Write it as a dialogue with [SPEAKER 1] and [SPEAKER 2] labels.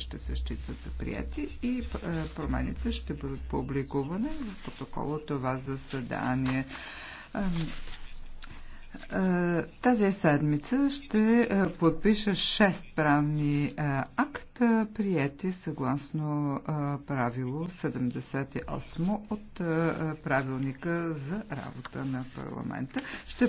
[SPEAKER 1] ще се считат за прияти и е, промените ще бъдат публикувани в протокола това заседание. Е, тази седмица ще е, подпиша 6 правни акта, прияти съгласно правило 78 от правилника за работа на парламента. Ще